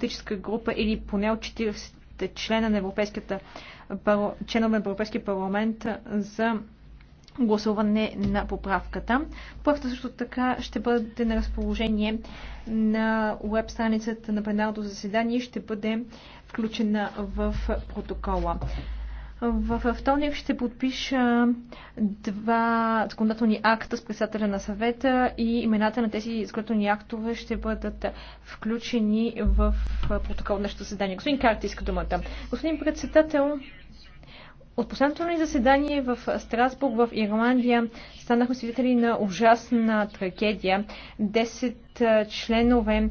политическа група или поне от 40 члена на Европейската членове на Европейския парламент за гласуване на поправката. Проекта също така ще бъде на разположение на веб страницата на пленарното заседание и ще бъде включена в протокола. В вторник ще подпиша два законодателни акта с председателя на съвета и имената на тези законодателни актове ще бъдат включени в протокол на нашето заседание. Господин Карти иска думата. Господин председател, от последното ни заседание в Страсбург, в Ирландия, станахме свидетели на ужасна трагедия. Десет членове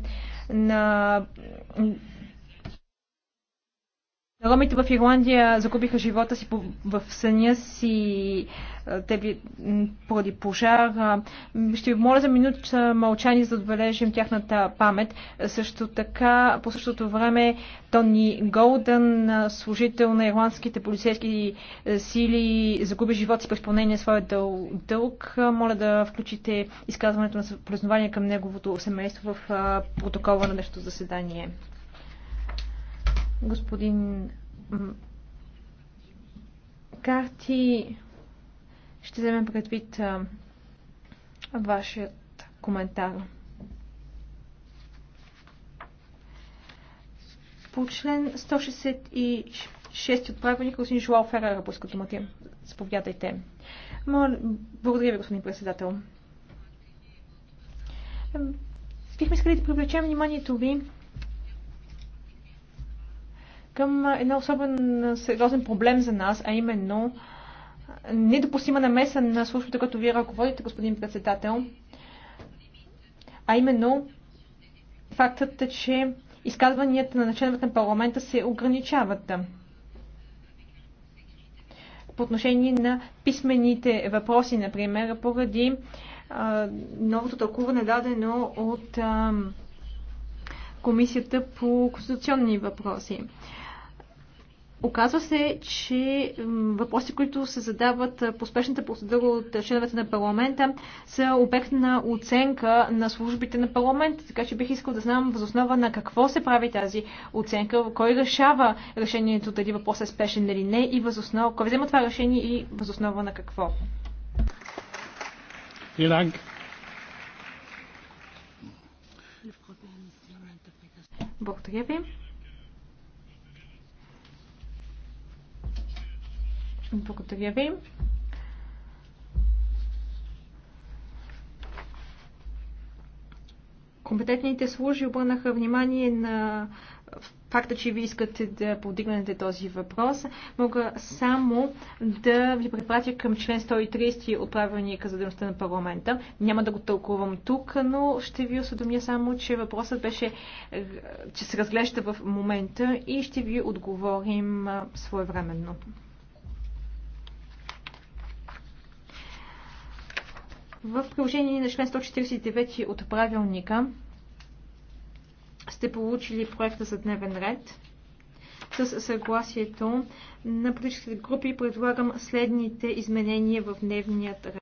на Ромите в Ирландия загубиха живота си в съня си те поради пожар. Ще ви моля за минута мълчание, за да отбележим тяхната памет. Също така, по същото време, Тони Голдън, служител на ирландските полицейски сили, загуби живота си при изпълнение на своя дълг. Моля да включите изказването на празнование към неговото семейство в протокола на днешното заседание. Господин Карти, ще вземем предвид вашият коментар. По член 166 от правилника, господин Жуал Ферера, поиска думата. Заповядайте. Благодаря ви, господин председател. Бихме искали да привлечем вниманието ви към една особен сериозен проблем за нас, а именно недопустима намеса на службите, като вие ръководите, господин председател, а именно фактът е, че изказванията на членовете на парламента се ограничават по отношение на писмените въпроси, например, поради а, новото тълкуване дадено от а, Комисията по конституционни въпроси. Оказва се, че въпроси, които се задават по спешната процедура от членовете на парламента, са обект на оценка на службите на парламента. Така че бих искал да знам възоснова на какво се прави тази оценка, кой решава решението дали въпросът е спешен или не и възоснова, кой взема това решение и възоснова на какво. Vielen Благодаря ви. Благодаря ви. Компетентните служби обърнаха внимание на факта, че ви искате да подигнете този въпрос, мога само да ви препратя към член 130 от правилника за дейността на парламента. Няма да го тълкувам тук, но ще ви осъдомя само, че въпросът беше, че се разглежда в момента и ще ви отговорим своевременно. В приложение на член 149 от правилника сте получили проекта за дневен ред. С съгласието на политическите групи предлагам следните изменения в дневният ред.